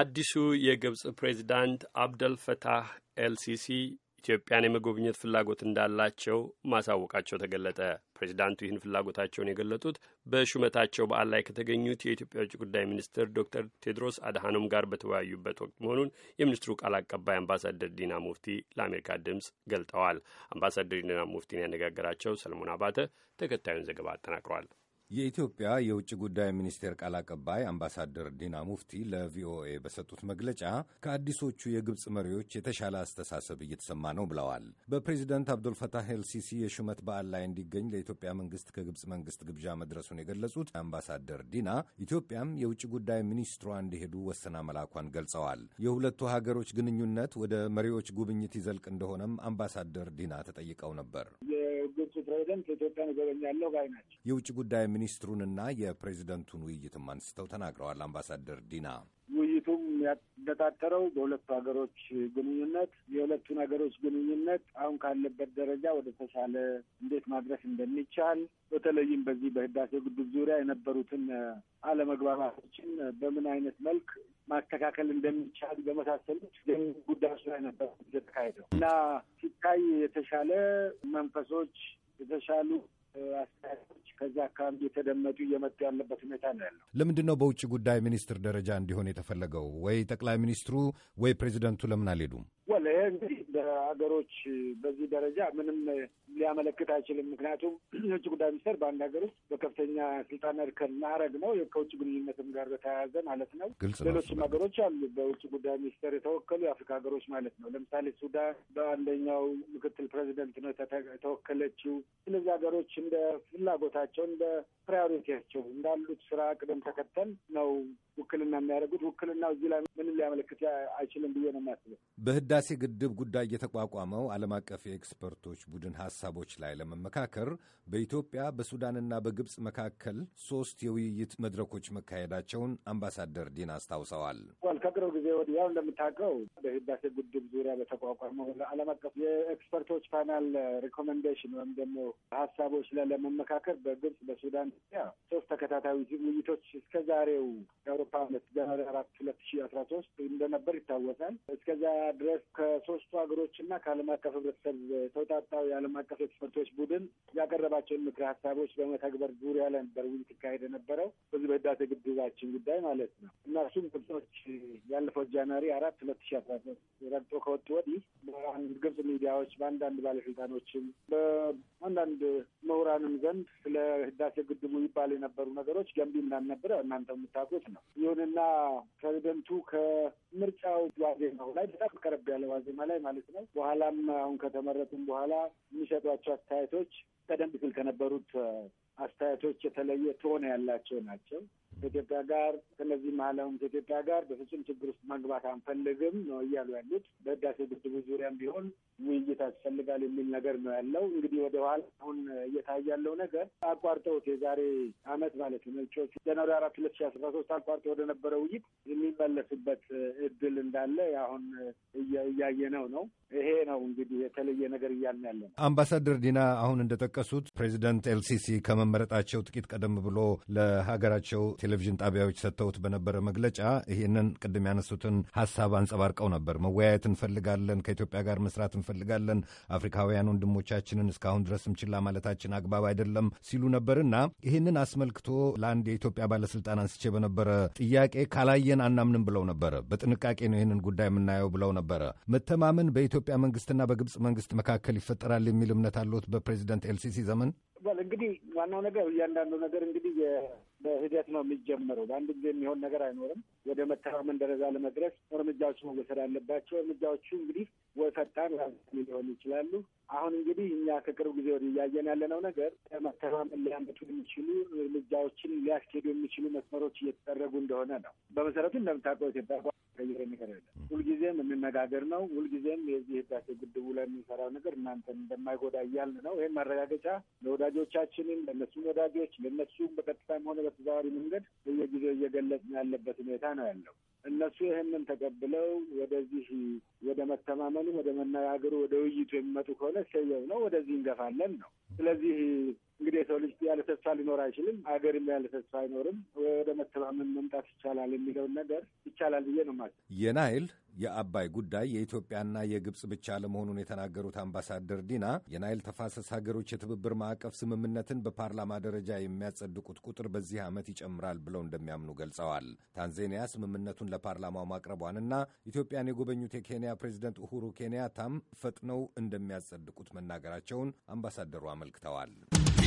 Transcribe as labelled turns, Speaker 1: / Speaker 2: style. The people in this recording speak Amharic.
Speaker 1: አዲሱ የግብፅ ፕሬዚዳንት ፈታህ ኤልሲሲ ኢትዮጵያን የመጎብኘት ፍላጎት እንዳላቸው ማሳወቃቸው ተገለጠ። ፕሬዚዳንቱ ይህን ፍላጎታቸውን የገለጡት በሹመታቸው በዓል ላይ ከተገኙት የኢትዮጵያ ውጭ ጉዳይ ሚኒስትር ዶክተር ቴድሮስ አድሃኖም ጋር በተወያዩበት ወቅት መሆኑን የሚኒስትሩ ቃል አቀባይ አምባሳደር ዲና ሙፍቲ ለአሜሪካ ድምፅ ገልጠዋል። አምባሳደር ዲና ሙፍቲን ያነጋገራቸው ሰለሞን አባተ ተከታዩን ዘገባ አጠናቅሯል።
Speaker 2: የኢትዮጵያ የውጭ ጉዳይ ሚኒስቴር ቃል አቀባይ አምባሳደር ዲና ሙፍቲ ለቪኦኤ በሰጡት መግለጫ ከአዲሶቹ የግብፅ መሪዎች የተሻለ አስተሳሰብ እየተሰማ ነው ብለዋል። በፕሬዚደንት አብዱልፈታህ ኤልሲሲ የሹመት በዓል ላይ እንዲገኝ ለኢትዮጵያ መንግስት ከግብፅ መንግስት ግብዣ መድረሱን የገለጹት አምባሳደር ዲና ኢትዮጵያም የውጭ ጉዳይ ሚኒስትሯ እንዲሄዱ ወሰና መላኳን ገልጸዋል። የሁለቱ ሀገሮች ግንኙነት ወደ መሪዎች ጉብኝት ይዘልቅ እንደሆነም አምባሳደር ዲና ተጠይቀው ነበር።
Speaker 1: ፕሬዚደንት ኢትዮጵያን እጎበኛለሁ ባይ ናቸው።
Speaker 2: የውጭ ጉዳይ ሚኒስትሩንና የፕሬዚደንቱን ውይይትም አንስተው ተናግረዋል አምባሳደር ዲና።
Speaker 1: ውይይቱም ያነጣጠረው በሁለቱ ሀገሮች ግንኙነት የሁለቱን ሀገሮች ግንኙነት አሁን ካለበት ደረጃ ወደ ተሻለ እንዴት ማድረስ እንደሚቻል በተለይም በዚህ በህዳሴ ግድብ ዙሪያ የነበሩትን አለመግባባቶችን በምን አይነት መልክ ማስተካከል እንደሚቻል በመሳሰሉት ጉዳዮች ላይ ነበር የተካሄደው እና በቀጣይ የተሻለ መንፈሶች የተሻሉ አስተያየቶች ከዚያ አካባቢ የተደመጡ እየመጡ ያለበት ሁኔታ ነው ያለው።
Speaker 2: ለምንድን ነው በውጭ ጉዳይ ሚኒስትር ደረጃ እንዲሆን የተፈለገው? ወይ ጠቅላይ ሚኒስትሩ ወይ ፕሬዚደንቱ ለምን አልሄዱም?
Speaker 1: ይሄ እንግዲህ በሀገሮች በዚህ ደረጃ ምንም ሊያመለክት አይችልም። ምክንያቱም የውጭ ጉዳይ ሚኒስቴር በአንድ ሀገር ውስጥ በከፍተኛ ስልጣን እርከን ማዕረግ ነው፣ ከውጭ ግንኙነትም ጋር በተያያዘ ማለት ነው። ሌሎችም ሀገሮች አሉ በውጭ ጉዳይ ሚኒስቴር የተወከሉ የአፍሪካ ሀገሮች ማለት ነው። ለምሳሌ ሱዳን በአንደኛው ምክትል ፕሬዚደንት ነው የተወከለችው። ስለዚህ ሀገሮች እንደ ፍላጎታቸው እንደ ፕራዮሪቲያቸው እንዳሉት ስራ ቅደም ተከተል ነው ውክልና የሚያደርጉት ውክልና እዚህ ላይ ምን ሊያመለክት አይችልም ብዬ ነው የሚያስበው።
Speaker 2: በህዳሴ ግድብ ጉዳይ የተቋቋመው ዓለም አቀፍ የኤክስፐርቶች ቡድን ሀሳቦች ላይ ለመመካከር በኢትዮጵያ በሱዳንና በግብፅ መካከል ሶስት የውይይት መድረኮች መካሄዳቸውን አምባሳደር ዲን አስታውሰዋል።
Speaker 1: ከቅርብ ጊዜ ያው እንደምታውቀው በህዳሴ ግድብ ዙሪያ በተቋቋመው ዓለም አቀፍ የኤክስፐርቶች ፓናል ሪኮሜንዴሽን ወይም ደግሞ ሀሳቦች ላይ ለመመካከር በግብፅ በሱዳን ሶስት ተከታታይ ውይይቶች እስከ ዛሬው አውሮፓ አመት ጃንዋሪ አራት ሁለት ሺ አስራ ሶስት እንደነበር ይታወሳል። እስከዚያ ድረስ ከሶስቱ ሀገሮች እና ከዓለም አቀፍ ህብረተሰብ ተውጣጣው የዓለም አቀፍ ኤክስፐርቶች ቡድን ያቀረባቸውን ምክር ሀሳቦች በመተግበር ዙሪያ ላይ ነበር ውይይት ይካሄድ የነበረው በዚህ በህዳሴ ግድባችን ጉዳይ ማለት ነው እና እሱም ግብጾች ያለፈው ጃንዋሪ አራት ሁለት ሺ አስራ ሶስት ረግጦ ከወጡ ወዲህ ግብጽ ሚዲያዎች በአንዳንድ ባለስልጣኖችም በአንዳንድ ምሁራንም ዘንድ ስለ ህዳሴ ግድቡ ይባል የነበሩ ነገሮች ገንቢ እንዳልነበረ እናንተ የምታውቁት ነው። ይሁንና ፕሬዚደንቱ ከምርጫው ዋዜማው ላይ በጣም ቀረብ ያለ ዋዜማ ላይ ማለት ነው በኋላም አሁን ከተመረጡም በኋላ የሚሰጧቸው አስተያየቶች ቀደም ሲል ከነበሩት አስተያየቶች የተለየ ትሆነ ያላቸው ናቸው። ከኢትዮጵያ ጋር ከነዚህ ዓለም ከኢትዮጵያ ጋር በፍጹም ችግር ውስጥ መግባት አንፈልግም ነው እያሉ ያሉት። በህዳሴ ግድቡ ዙሪያም ቢሆን ውይይት ያስፈልጋል የሚል ነገር ነው ያለው። እንግዲህ ወደ ኋላ አሁን እየታየ ያለው ነገር አቋርጠውት የዛሬ አመት ማለት ነው ቾቹ ጃንዋሪ አራት ሁለት ሺ አስራ ሶስት አቋርጠው ወደ ነበረ ውይይት የሚመለስበት እድል እንዳለ አሁን እያየ ነው ነው። ይሄ ነው እንግዲህ የተለየ ነገር እያልን ያለ ነው።
Speaker 2: አምባሳደር ዲና አሁን እንደጠቀሱት ፕሬዚደንት ኤልሲሲ ከመመረጣቸው ጥቂት ቀደም ብሎ ለሀገራቸው ቴሌቪዥን ጣቢያዎች ሰጥተውት በነበረ መግለጫ ይህንን ቅድም ያነሱትን ሀሳብ አንጸባርቀው ነበር። መወያየት እንፈልጋለን፣ ከኢትዮጵያ ጋር መስራት እንፈልጋለን፣ አፍሪካውያን ወንድሞቻችንን እስካሁን ድረስም ችላ ማለታችን አግባብ አይደለም ሲሉ ነበርና ይህንን አስመልክቶ ለአንድ የኢትዮጵያ ባለስልጣን አንስቼ በነበረ ጥያቄ ካላየን አናምንም ብለው ነበረ። በጥንቃቄ ነው ይህንን ጉዳይ የምናየው ብለው ነበረ። መተማመን በኢትዮጵያ መንግስትና በግብፅ መንግስት መካከል ይፈጠራል የሚል እምነት አለት በፕሬዚደንት ኤልሲሲ ዘመን
Speaker 1: በል እንግዲህ ዋናው ነገር እያንዳንዱ ነገር እንግዲህ በሂደት ነው የሚጀምረው። በአንድ ጊዜ የሚሆን ነገር አይኖርም። ወደ መተማመን ደረጃ ለመድረስ እርምጃዎች መወሰድ አለባቸው። እርምጃዎቹ እንግዲህ ወይ ፈጣን ሊሆኑ ይችላሉ። አሁን እንግዲህ እኛ ከቅርብ ጊዜ ወደ እያየን ያለነው ነገር መተማመን ሊያመጡ የሚችሉ እርምጃዎችን ሊያስኬዱ የሚችሉ መስመሮች እየተደረጉ እንደሆነ ነው። በመሰረቱ እንደምታውቀው ኢትዮጵያ ቀይረ ነገር የለም። ሁልጊዜም የምነጋገር ነው። ሁልጊዜም የዚህ ህዳሴ ግድቡ ላይ የምንሰራው ነገር እናንተን እንደማይጎዳ እያልን ነው። ይህም ማረጋገጫ ለወዳ ወዳጆቻችንን ለእነሱም ወዳጆች ለእነሱም በቀጥታም ሆነ በተዘዋዋሪ መንገድ በየጊዜው እየገለጽን ያለበት ሁኔታ ነው ያለው። እነሱ ይህንን ተቀብለው ወደዚህ ወደ መተማመኑ፣ ወደ መነጋገሩ፣ ወደ ውይይቱ የሚመጡ ከሆነ ሰየው ነው፣ ወደዚህ እንገፋለን ነው። ስለዚህ እንግዲህ የሰው ልጅ ያለ ተስፋ ሊኖር አይችልም፣ ሀገርም ያለ ተስፋ አይኖርም። ወደ መተማመን መምጣት ይቻላል የሚለውን ነገር ይቻላል ብዬ ነው
Speaker 2: ማለት። የናይል የአባይ ጉዳይ የኢትዮጵያና የግብፅ ብቻ አለመሆኑን የተናገሩት አምባሳደር ዲና የናይል ተፋሰስ ሀገሮች የትብብር ማዕቀፍ ስምምነትን በፓርላማ ደረጃ የሚያጸድቁት ቁጥር በዚህ ዓመት ይጨምራል ብለው እንደሚያምኑ ገልጸዋል። ታንዛኒያ ስምምነቱን ለፓርላማው ማቅረቧንና ኢትዮጵያን የጎበኙት የኬንያ ፕሬዚደንት ኡሁሩ ኬንያታም ፈጥነው እንደሚያጸድቁት መናገራቸውን አምባሳደሩ አመልክተዋል።